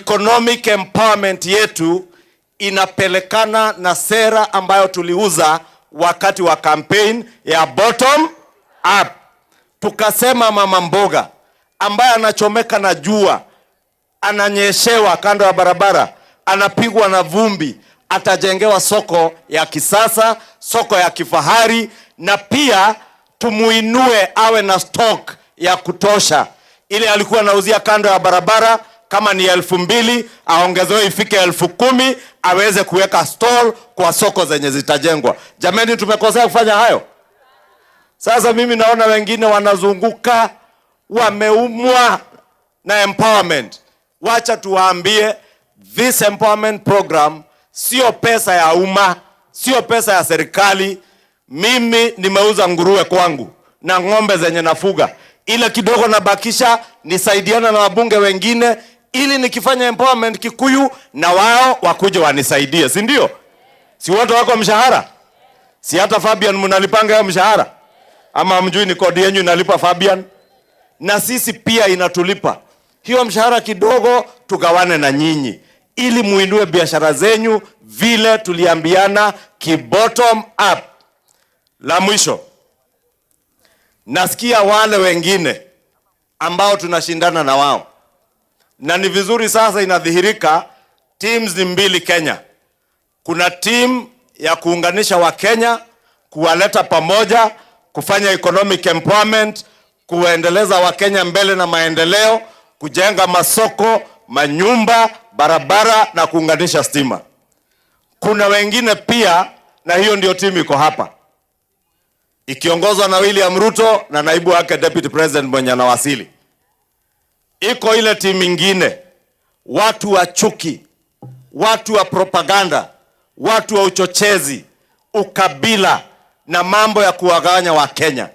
economic empowerment yetu inapelekana na sera ambayo tuliuza wakati wa campaign ya bottom up. Tukasema mama mboga ambaye anachomeka na jua, ananyeshewa kando ya barabara, anapigwa na vumbi, atajengewa soko ya kisasa, soko ya kifahari, na pia tumuinue awe na stock ya kutosha. Ile alikuwa anauzia kando ya barabara kama ni elfu mbili aongezewe ifike elfu kumi aweze kuweka stall kwa soko zenye zitajengwa. Jameni, tumekosea kufanya hayo? Sasa mimi naona wengine wanazunguka wameumwa na empowerment. Wacha tuwaambie this empowerment program sio pesa ya umma, sio pesa ya serikali. Mimi nimeuza nguruwe kwangu na ng'ombe zenye nafuga, ila kidogo nabakisha nisaidiana na wabunge wengine ili nikifanya empowerment Kikuyu na wao wakuje wanisaidie, si ndio? Si wote wako mshahara, si hata Fabian mnalipanga hiyo mshahara, ama mjui ni kodi yenu inalipa Fabian, na sisi pia inatulipa hiyo mshahara kidogo, tugawane na nyinyi ili muinue biashara zenyu vile tuliambiana ki bottom up. La mwisho, nasikia wale wengine ambao tunashindana na wao na ni vizuri sasa inadhihirika, teams ni mbili Kenya. Kuna team ya kuunganisha Wakenya, kuwaleta pamoja, kufanya economic empowerment, kuwaendeleza Wakenya mbele na maendeleo, kujenga masoko, manyumba, barabara na kuunganisha stima. Kuna wengine pia, na hiyo ndio timu iko hapa ikiongozwa na William Ruto na naibu wake Deputy President mwenye anawasili iko ile timu ingine, watu wa chuki, watu wa propaganda, watu wa uchochezi, ukabila na mambo ya kuwagawanya kenya